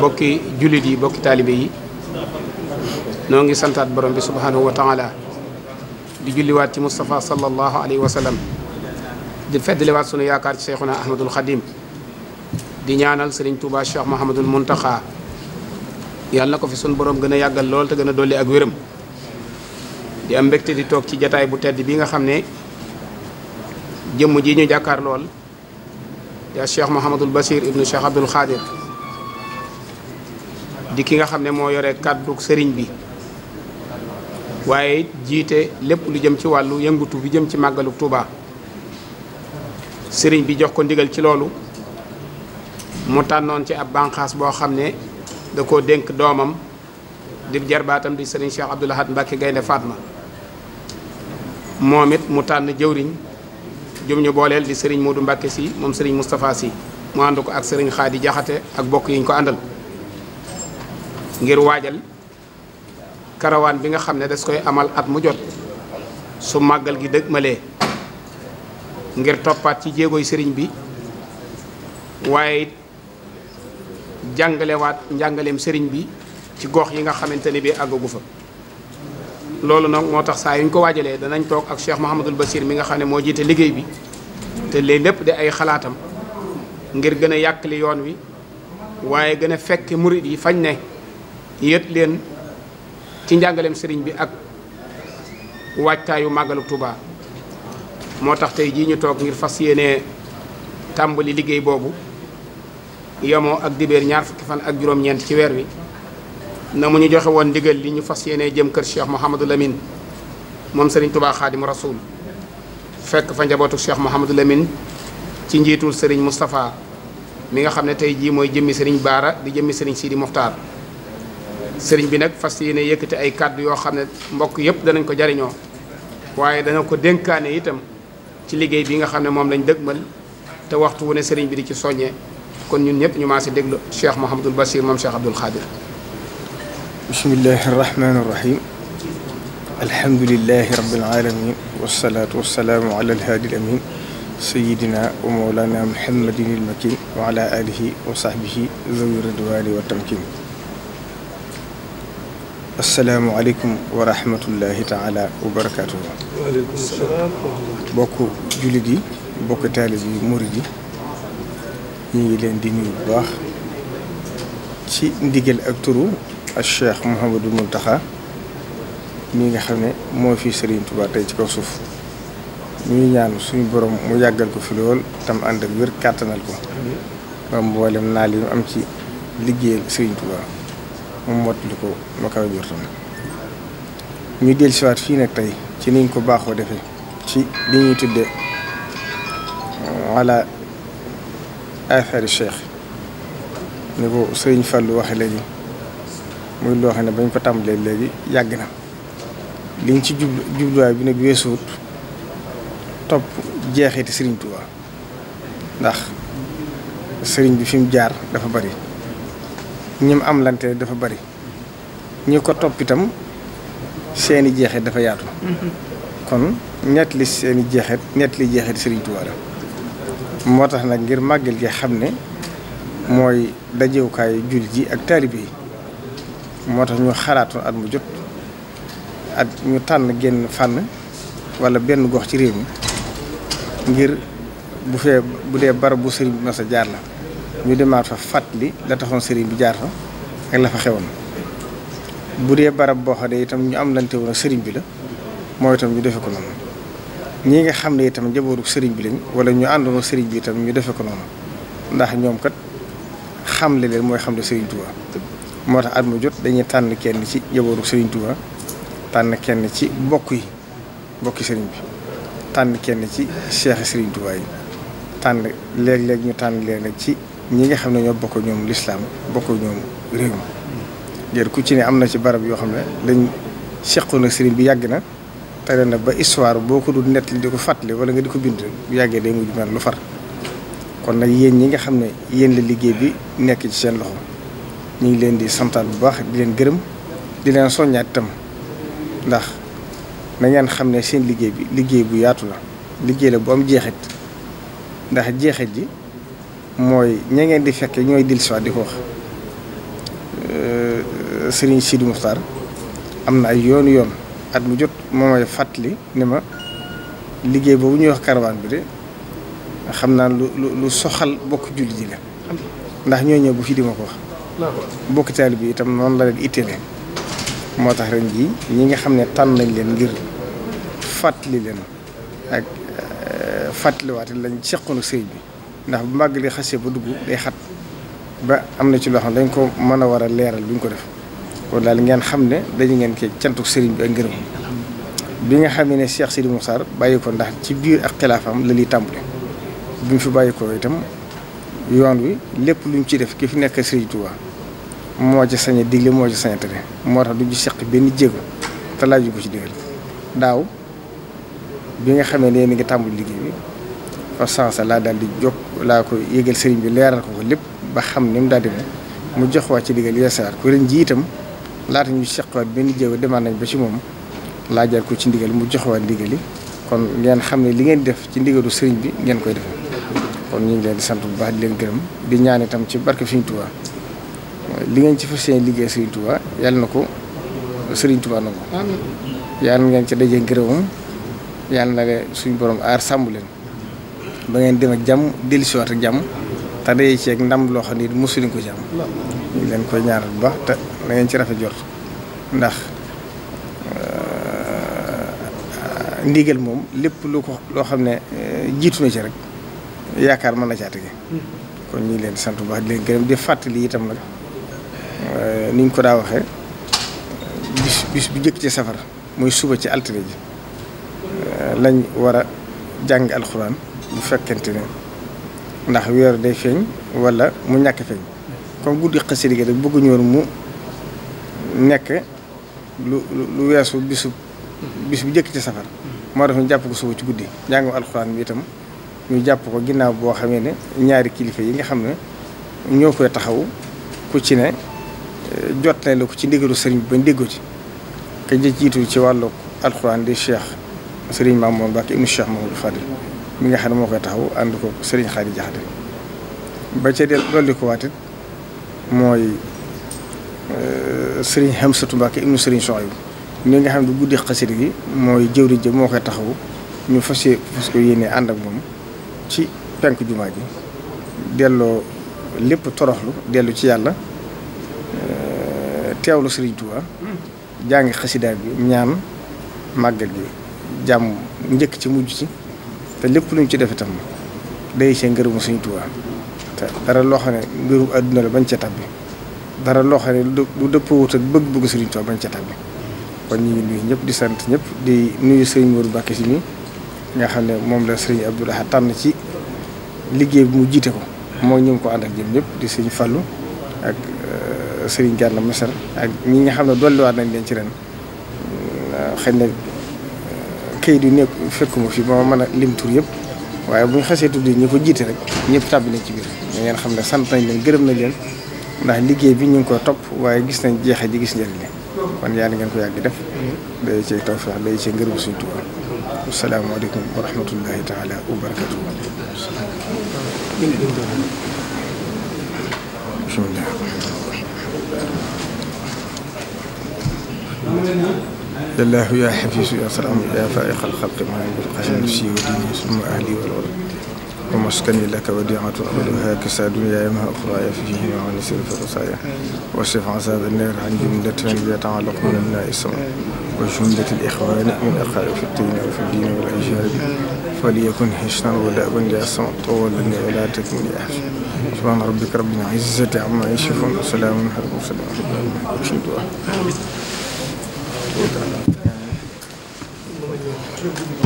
bokki jullit yi bokki taalibe yi noo ngi santaat borom bi subhanahu wa taala di julliwaat ci Moustapha sallallahu alayhi wa sallam di feddaliwaat sunu yaakaar ci Cheikhuna Ahmadul Xadim di ñaanal Serigne Touba Cheikh Mahamadul Muntaxa yàlla na ko fi sunu borom gën a yàggal lool te gën a dolli ak wéram di am mbégte di toog ci jataay bu tedd bi nga xam ne jëmm ji ñu jàkkaar lool yaa Cheikh Mouhamadul Bachir ibnu Cheikh Abdoul Khadir di ki nga xam ne moo yore kàddu sëriñ bi waaye jiite lépp lu jëm ci wàllu yëngutu bi jëm ci màggalu Touba sëriñ bi jox ko ndigal ci loolu mu tànnoon ci ab banqaas boo xam ne da koo dénk doomam di jarbaatam di sëriñ Cheikh Abdoul Ahad Mbacke Gaynde faatma moom it mu tànn jëwriñ jum ñu booleel di Serigne Modou Mbacke si moom Serigne Moustapha si mu ànd ko ak sëriñ Serigne di Diakhaté ak bokk yi ñu ko àndal ngir waajal karawaan bi nga xam ne das koy amal at mu jot su màggal gi dëgmalee ngir toppaat ci jéegooy sëriñ bi waaye it jàngalewaat njàngaleem sëriñ bi ci gox yi nga xamante ne bii àggagu fa. loolu nag moo tax saa yu ko waajalee danañ toog ak Cheikh Mouhamadul Basir mi nga xam ne moo jiite liggéey bi te léegi lépp di ay xalaatam ngir gën a yàqali yoon wi waaye gën a fekk murit yi fañ ne yët leen ci njàngaleem sëriñ bi ak waajtaayu màggalu Touba. moo tax tey jii ñu toog ngir fas yéenee tàmbali liggéey boobu yemoo ak dibeer ñaar fukki fan ak juróom-ñeent ci weer wi. na mu ñu joxe woon ndigal li ñu fas yéene jëm kër Cheikh Mouhamadul Amin moom Serigne Touba Xaadimu Rasuul fekk fa njabootu Cheikh Mouhamadul Amin ci njiitul Serigne Moustapha mi nga xam ne tey jii mooy jëmmi Serigne Baara di jëmmi Serigne Sidi Mokhtar Serigne bi nag fas yéene yëkkati ay kàddu yoo xam ne mbokk yëpp danañ ko jariñoo waaye dana ko dénkaane itam ci liggéey bi nga xam ne moom lañ dëgmal te waxtu wu ne Serigne bi di ci soññee kon ñun ñëpp ñu maa si déglu Cheikh Mouhamadul Bachir moom Cheikh Abdoul Khadir. bismillahi irrahmani irrahim alhamdulilahi rabilalamin wasalatu wasalaamu ala alhaadi alamin sayidina wa mawlana muhammadin ilmakin wa ala alihi wa sahbihi zawi ridwani wa tamkin asalaamu aleykum wa rahmatullahi taala wa barakatuhu bokk jullit yi bokk taalib yi murid yi ñu ngi leen di nuyu bu baax ci ndigal ak turu ak Cheikh Mouhamadou taxa mi nga xam ne moo fi sëriñ Touba tey ci kaw suuf ñuy ñaan suñu borom mu yàggal ko fi lool tam ànd ak kàttanal ko ba mboolem naa li mu am ci liggéeyal Serigne Touba mu mottali ko ma kaw jortam ñu del siwaat fii nag tey ci niñ ko baaxoo defee ci li ñuy tudde wala euh, athari Cheikh ni ko Serigne Fallou waxe léegi muy loo xam ne bañ ko tàmbalee léegi yàgg na liñ ci jublu jubluwaay bi nag weesuwut topp jeexiti sëriñ Tuubaa ndax sëriñ bi fi jaar dafa bari ñim am lante dafa bari ñi ko topp itam seeni jeexit dafa yaatu kon ñett li seeni jeexit ñett li jeexit la moo tax nag ngir màggal gi xam ne mooy dajewukaay jullit yi ak taalibe moo tax ñu xalaatoon at mu jot at ñu tànn génn fànn wala benn gox ci réew mi ngir bu fee bu dee barab bu sëriñ bi mas a jaar la ñu demaat fa fàttali la taxoon sëriñ bi jaar fa ak la fa xewoon bu dee barab boo xam ne itam ñu am lante woon sëriñ bi la mooy itam ñu defe ko noonu nga xam ne itam njabootu sëriñ bi lañ wala ñu àndoon sëriñ bi itam ñu defe noonu ndax ñoom kat xamle leen mooy xam sëriñ Tuubaa moo tax at mu jot dañuy tànn kenn ci njabootu Serigne Touba tànn kenn ci bokk yi bokki Serigne bi tànn kenn ci Cheikh Serigne Touba yi tànn léeg-léeg ñu tànn léeg-léeg ci ñi nga xam ne ñoo bokk ñoom lislaam bokk ñoom réew mi ngir ku ci ne am na ci barab yoo xam ne dañ seqoon ak Serigne bi yàgg na te ren ba histoire boo ko nett nettali di ko fàttali wala nga di ko bind bu yàggee day mujj mel lu far kon nag yéen ñi nga xam ne yéen la liggéey bi nekk ci seen loxo. ñu ngi leen di santaat bu baax di leen gërëm di leen soññaat itam ndax na ngeen xam ne seen liggéey bi liggéey bu yaatu la liggéey la bu am jeexit ndax jeexit ji mooy ña ngeen di fekke ñooy dil soit di ko wax euh, Serigne Sidi Muxtaar am na ay yoon yoon at jot moo fàttali ni liggéey boobu ñuy wax caravane bi de xam naa lu soxal bokk julli ji la ndax ñoo ñëw bu fi di ko wax bokki taalib bi itam noonu la leen itteele moo tax ren jii ñi nga xam ne tànn nañ leen ngir fàttali leen ak euh, fàttaliwaate lañ seqoon sëy bi ndax bu màgg li xasee ba dugg day xat ba am na ci loo xam ne dañ ko mën a war a leeral luñ ko def kon daal ngeen xam ne dañu ngeen kee cantuk sëriñ bi ak ngërëm bi nga xam ne Cheikh Sidi Moussa bàyyi ko ndax ci biir ak xilaafam la lii tàmbale bi mu fi bàyyi ko itam yoon wi lépp luñ ñu ci def ki fi nekk Sëriñ moo ci sañ a digle moo ci sañ tere moo tax du ci seq benn jéego te laaju ko ci digal daaw bi nga xamee ne mi ngi tàmbul liggéey bi par sens laa dal di jokk laa ko yëgal sëriñ bi leeral ko ko lépp ba xam ni mu daal di mu jox waa ci digal yeesawaat ko ren ji laata ñu seqwaat benn jéego demaat nañ ba moom laajaat ko ci ndigal mu joxwaat ndigal yi kon ngeen xam ne li ngeen def ci ndigalu sëriñ bi ngeen koy defee kon ñu ngi sant bu baax di leen gërëm di ñaan itam ci barke Sëriñ Tuubaa li ngeen ci fas yéene liggéey Serigne Touba yàlla na ko Serigne Touba na ko yàlla ngeen ci daje ngërëmam yàlla na suñu borom aar sàmm leen ba ngeen dem ak jàmm dellusiwaat ak jàmm te daje ci ak loo xam ne mosuñu ko ci am ñu ñaaral bu baax te na ngeen ci rafet jot ndax euh, ndigal moom lépp lu ko loo xam ne euh, jiitu na ci rek yaakaar mën na caa tege hmm. kon ñu leen sant bu baax di leen gërëm di fàttali itam nag. ni ñu ko daa waxee bis bis bu njëkk ci safar muy suba ci altine ji euh, lañ war a jàng alxuraan bu fekkent ne ndax weer day feeñ wala mu ñàkk feeñ comme guddi xasida gi rek bëgg mu nekk lu lu weesu bisu bis bu njëkk ci safar moo def ñu jàpp ko suba ci guddi jàngum alxuraan bi itam ñu jàpp ko ginnaaw boo xamee ne ñaari kilifa yi nga xam ne ñoo koy taxaw ku ci ne jot jottali ko ci ndigalu sëriñ bi bañ déggoo ci ka jiitu ci wàllu alxuraan di cheikh sëriñ Mamour Mbacke ibnu cheikh Mamadou Fadil mi nga xam ne moo koy taxaw ànd ko sëriñ Xaadi Jaxate ba ca dolli ko waat it mooy euh, sëriñ Hamsatu Mbacke ibnu sëriñ Soxaybu mi nga xam ne guddi gi mooy jëwriñ ji moo koy taxaw ñu fas fas ko yéene ànd ak moom ci penk jumaa ji delloo lépp toroxlu dellu ci yàlla teewlu Serigne Touba jàngi xasidaay bi ñaan màggal yi jàmm njëkk ci mujj ci te lépp lu ñu ci def itam day see ngërëmu Serigne Touba te dara loo ne ngërëm àdduna la bañ ca tabbi dara loo xam ne lu dëppoowut ak bëgg-bëgg Serigne Touba bañ ca tabbi kon ñu ngi nuyu ñëpp di sant ñëpp di nuyu Serigne Modou Mbacké si mi nga xam ne moom la Serigne Abdou Lahad tànn ci liggéey bi mu jiite ko moo ñu ko ànd ak jëm ñëpp di Serigne Fallou ak euh, Serigne Gana Messere ak ñi nga xam ne dolliwaat nañ leen ci ren xëy na këyit yu nekk fekkuma fi ba ma mën a lim tur yëpp waaye bu ñu xasee tudd ñi ko jiite rek ñëpp tàbbi nañ ci biir. da ngeen xam ne sant nañ leen gërëm nañ leen ndax liggéey bi ñu ngi ko topp waaye gis nañ jeexe ji gis njëriñ li kon yàlla ngeen ko yàgg def. day cee tawfeex day cee ngërëm suñu Tuubaa. asalaamaaleykum wa rahmatullahi taala wa barakatu. bismillah. lallaahu yaa xafiisu yaa salaam yaa faariqal xalqi maa bil qasim si wa diini summa ahli wal wal wa maskani laka wa diatu abaduha kasa dunyaaya ma uxraaya fi ani sir fi rosaaya wa shif asab annar an jumlati man yataalaq min abnaa sama wa jumlati al ixwaani min aqaa'i fi ddiini wa fi ddiini wal ajhaad falyakun hishnan wa daaban yaa sama tawalani wa laa takmini ahad subhaana rabbika rabbil izzati amma yasifuun wa salaamun alal mursaliin Thank you.